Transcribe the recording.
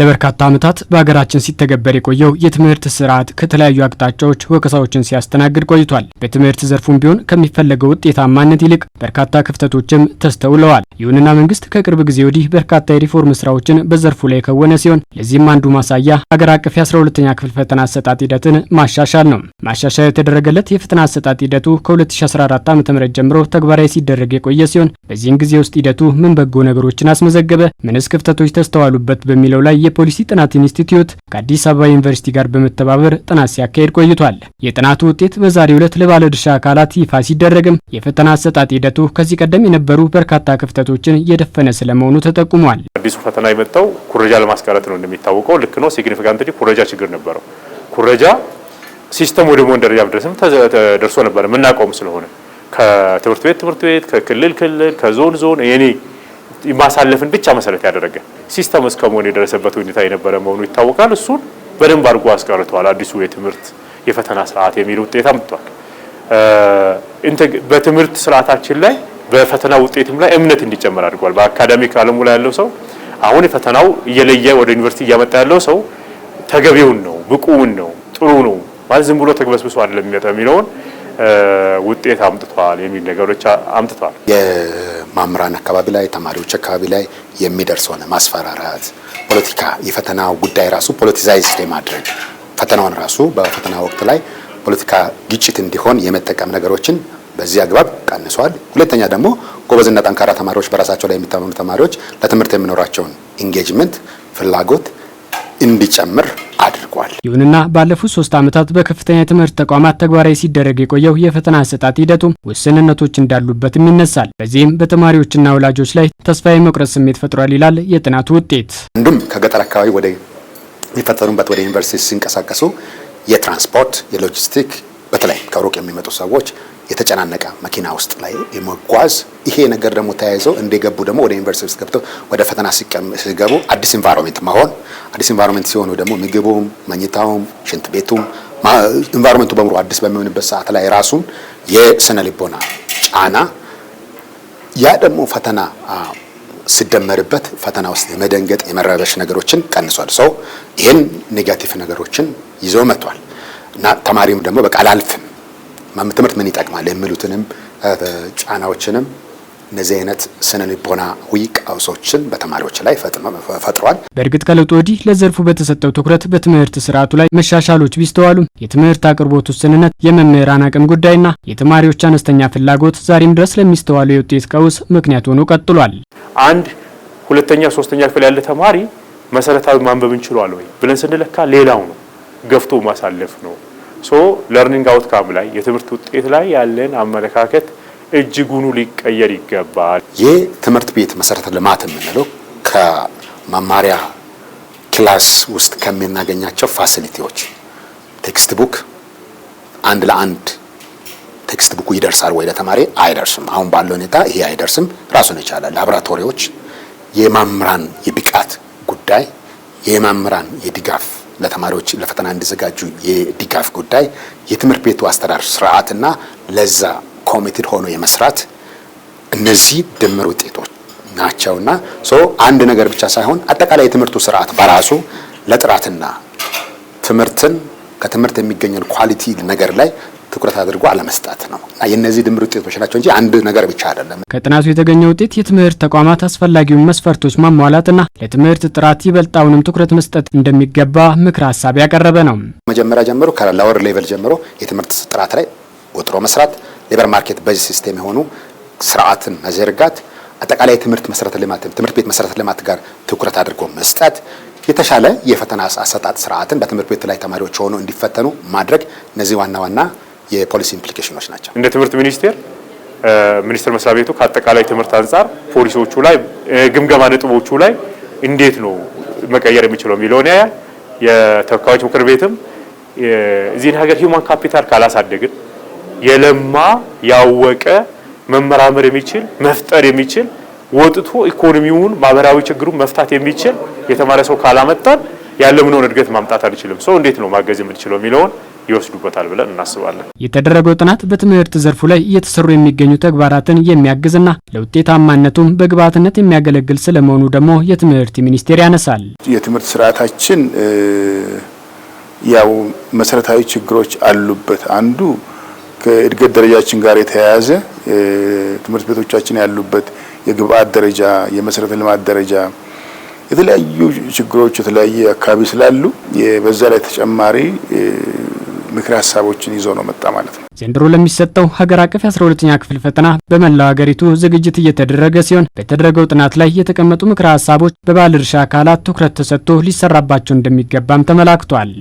ለበርካታ ዓመታት በሀገራችን ሲተገበር የቆየው የትምህርት ስርዓት ከተለያዩ አቅጣጫዎች ወቀሳዎችን ሲያስተናግድ ቆይቷል። በትምህርት ዘርፉም ቢሆን ከሚፈለገው ውጤታማነት ይልቅ በርካታ ክፍተቶችም ተስተውለዋል። ይሁንና መንግስት ከቅርብ ጊዜ ወዲህ በርካታ የሪፎርም ስራዎችን በዘርፉ ላይ የከወነ ሲሆን ለዚህም አንዱ ማሳያ ሀገር አቀፍ የ 12 ተኛ ክፍል ፈተና አሰጣጥ ሂደትን ማሻሻል ነው። ማሻሻያ የተደረገለት የፈተና አሰጣጥ ሂደቱ ከ2014 ም ጀምሮ ተግባራዊ ሲደረግ የቆየ ሲሆን በዚህም ጊዜ ውስጥ ሂደቱ ምን በጎ ነገሮችን አስመዘገበ፣ ምንስ ክፍተቶች ተስተዋሉበት በሚለው ላይ የፖሊሲ ጥናት ኢንስቲትዩት ከአዲስ አበባ ዩኒቨርሲቲ ጋር በመተባበር ጥናት ሲያካሄድ ቆይቷል። የጥናቱ ውጤት በዛሬው ዕለት ለባለድርሻ አካላት ይፋ ሲደረግም የፈተና አሰጣጥ ሂደቱ ከዚህ ቀደም የነበሩ በርካታ ክፍተቶችን እየደፈነ ስለመሆኑ ተጠቁሟል። አዲሱ ፈተና የመጣው ኩረጃ ለማስቀረት ነው። እንደሚታወቀው ልክ ነው። ሲግኒፊካንት ኩረጃ ችግር ነበረው። ኩረጃ ሲስተም ወደ መሆን ደረጃ ድረስም ደርሶ ነበር የምናውቀውም ስለሆነ ከትምህርት ቤት ትምህርት ቤት ከክልል ክልል ከዞን ዞን የኔ ማሳለፍን ብቻ መሰረት ያደረገ ሲስተም እስከ መሆን የደረሰበት ሁኔታ የነበረ መሆኑ ይታወቃል። እሱን በደንብ አድርጎ አስቀርተዋል። አዲሱ የትምህርት የፈተና ስርዓት የሚል ውጤት አምጥቷል። በትምህርት ስርዓታችን ላይ በፈተና ውጤትም ላይ እምነት እንዲጨምር አድርጓል። በአካዳሚክ ዓለሙ ላይ ያለው ሰው አሁን ፈተናው እየለየ ወደ ዩኒቨርሲቲ እያመጣ ያለው ሰው ተገቢውን ነው፣ ብቁውን ነው፣ ጥሩ ነው ማለት ዝም ብሎ ተግበስብሶ አይደለም የሚመጣ የሚለውን ውጤት አምጥቷል የሚል ነገሮች አምጥቷል። መምህራን አካባቢ ላይ፣ ተማሪዎች አካባቢ ላይ የሚደርስ ሆነ ማስፈራራት፣ ፖለቲካ የፈተና ጉዳይ ራሱ ፖለቲሳይዝ ማድረግ ፈተናውን ራሱ በፈተና ወቅት ላይ ፖለቲካ ግጭት እንዲሆን የመጠቀም ነገሮችን በዚህ አግባብ ቀንሷል። ሁለተኛ ደግሞ ጎበዝና ጠንካራ ተማሪዎች በራሳቸው ላይ የሚታመኑ ተማሪዎች ለትምህርት የሚኖራቸውን ኢንጌጅመንት ፍላጎት እንዲጨምር ይሁንና ባለፉት ሶስት ዓመታት በከፍተኛ የትምህርት ተቋማት ተግባራዊ ሲደረግ የቆየው የፈተና አሰጣጥ ሂደቱ ውስንነቶች እንዳሉበትም ይነሳል። በዚህም በተማሪዎችና ወላጆች ላይ ተስፋ የመቁረጥ ስሜት ፈጥሯል ይላል የጥናቱ ውጤት። አንዱም ከገጠር አካባቢ ወደ የሚፈተኑበት ወደ ዩኒቨርሲቲ ሲንቀሳቀሱ የትራንስፖርት፣ የሎጂስቲክ በተለይ ከሩቅ የሚመጡ ሰዎች የተጨናነቀ መኪና ውስጥ ላይ የመጓዝ ይሄ ነገር ደግሞ ተያይዘው እንደገቡ ደግሞ ወደ ዩኒቨርሲቲ ውስጥ ገብተው ወደ ፈተና ሲገቡ አዲስ ኢንቫይሮንመንት መሆን አዲስ ኢንቫይሮንመንት ሲሆኑ ደግሞ ምግቡም፣ መኝታውም፣ ሽንት ቤቱም ኢንቫይሮንመንቱ በሙሉ አዲስ በሚሆንበት ሰዓት ላይ ራሱን የስነ ልቦና ጫና ያ ደግሞ ፈተና ሲደመርበት ፈተና ውስጥ የመደንገጥ የመረበሽ ነገሮችን ቀንሷል። ሰው ይህን ኔጋቲቭ ነገሮችን ይዞ መጥቷል እና ተማሪም ደግሞ በቃ አላልፍም ትምህርት ምን ይጠቅማል የሚሉትንም ጫናዎችንም እነዚህ አይነት ስነ ልቦናዊ ቀውሶችን በተማሪዎች ላይ ፈጥሯል። በእርግጥ ከለውጥ ወዲህ ለዘርፉ በተሰጠው ትኩረት በትምህርት ስርዓቱ ላይ መሻሻሎች ቢስተዋሉም የትምህርት አቅርቦት ውስንነት፣ የመምህራን አቅም ጉዳይና የተማሪዎች አነስተኛ ፍላጎት ዛሬም ድረስ ለሚስተዋሉ የውጤት ቀውስ ምክንያት ሆኖ ቀጥሏል። አንድ ሁለተኛ ሶስተኛ ክፍል ያለ ተማሪ መሰረታዊ ማንበብ እንችሏል ወይ ብለን ስንለካ ሌላው ነው ገፍቶ ማሳለፍ ነው ሶ ለርኒንግ አውትካም ላይ የትምህርት ውጤት ላይ ያለን አመለካከት እጅጉኑ ሊቀየር ይገባል። ይህ ትምህርት ቤት መሰረተ ልማት የምንለው ከመማሪያ ክላስ ውስጥ ከምናገኛቸው ፋሲሊቲዎች ቴክስት ቡክ አንድ ለአንድ ቴክስት ቡኩ ይደርሳል ወይ ለተማሪ? አይደርስም። አሁን ባለው ሁኔታ ይሄ አይደርስም። ራሱን የቻለ ላብራቶሪዎች፣ የመምህራን የብቃት ጉዳይ፣ የመምህራን የድጋፍ ለተማሪዎች ለፈተና እንዲዘጋጁ የድጋፍ ጉዳይ የትምህርት ቤቱ አስተዳደር ስርዓትና ለዛ ኮሚትድ ሆኖ የመስራት እነዚህ ድምር ውጤቶች ናቸውና ሶ አንድ ነገር ብቻ ሳይሆን አጠቃላይ የትምህርቱ ስርዓት በራሱ ለጥራትና ትምህርትን ከትምህርት የሚገኘን ኳሊቲ ነገር ላይ ትኩረት አድርጎ አለመስጠት ነው እና የእነዚህ ድምር ውጤቶች ናቸው እንጂ አንድ ነገር ብቻ አይደለም። ከጥናቱ የተገኘ ውጤት የትምህርት ተቋማት አስፈላጊውን መስፈርቶች ማሟላትና ለትምህርት ጥራት ይበልጣውንም ትኩረት መስጠት እንደሚገባ ምክር ሀሳብ ያቀረበ ነው። መጀመሪያ ጀምሮ ከላወር ሌቨል ጀምሮ የትምህርት ጥራት ላይ ወጥሮ መስራት፣ ሌበር ማርኬት በዚህ ሲስቴም የሆኑ ስርዓትን መዘርጋት አጠቃላይ ትምህርት መሰረተ ልማት ትምህርት ቤት መሰረተ ልማት ጋር ትኩረት አድርጎ መስጠት የተሻለ የፈተና አሰጣጥ ስርዓትን በትምህርት ቤት ላይ ተማሪዎች ሆኖ እንዲፈተኑ ማድረግ እነዚህ ዋና ዋና የፖሊሲ ኢምፕሊኬሽኖች ናቸው። እንደ ትምህርት ሚኒስቴር ሚኒስቴር መስሪያ ቤቱ ከአጠቃላይ ትምህርት አንጻር ፖሊሲዎቹ ላይ ግምገማ ነጥቦቹ ላይ እንዴት ነው መቀየር የሚችለው የሚለውን ያያል። የተወካዮች ምክር ቤትም እዚህን ሀገር ሂውማን ካፒታል ካላሳደግን የለማ ያወቀ መመራመር የሚችል መፍጠር የሚችል ወጥቶ ኢኮኖሚውን ማህበራዊ ችግሩን መፍታት የሚችል የተማረ ሰው ካላመጣን ያለምነውን እድገት ማምጣት አልችልም። ሰው እንዴት ነው ማገዝ የምንችለው የሚለውን ይወስዱበታል ብለን እናስባለን። የተደረገው ጥናት በትምህርት ዘርፉ ላይ እየተሰሩ የሚገኙ ተግባራትን የሚያግዝና ለውጤታማነቱም በግብዓትነት የሚያገለግል ስለመሆኑ ደግሞ የትምህርት ሚኒስቴር ያነሳል። የትምህርት ስርዓታችን ያው መሰረታዊ ችግሮች አሉበት። አንዱ ከእድገት ደረጃችን ጋር የተያያዘ ትምህርት ቤቶቻችን ያሉበት የግብዓት ደረጃ፣ የመሰረተ ልማት ደረጃ የተለያዩ ችግሮች የተለያየ አካባቢ ስላሉ በዛ ላይ ተጨማሪ ምክር ሀሳቦችን ይዞ ነው መጣ ማለት ነው። ዘንድሮ ለሚሰጠው ሀገር አቀፍ የአስራ ሁለተኛ ክፍል ፈተና በመላው ሀገሪቱ ዝግጅት እየተደረገ ሲሆን በተደረገው ጥናት ላይ የተቀመጡ ምክረ ሀሳቦች በባለድርሻ አካላት ትኩረት ተሰጥቶ ሊሰራባቸው እንደሚገባም ተመላክቷል።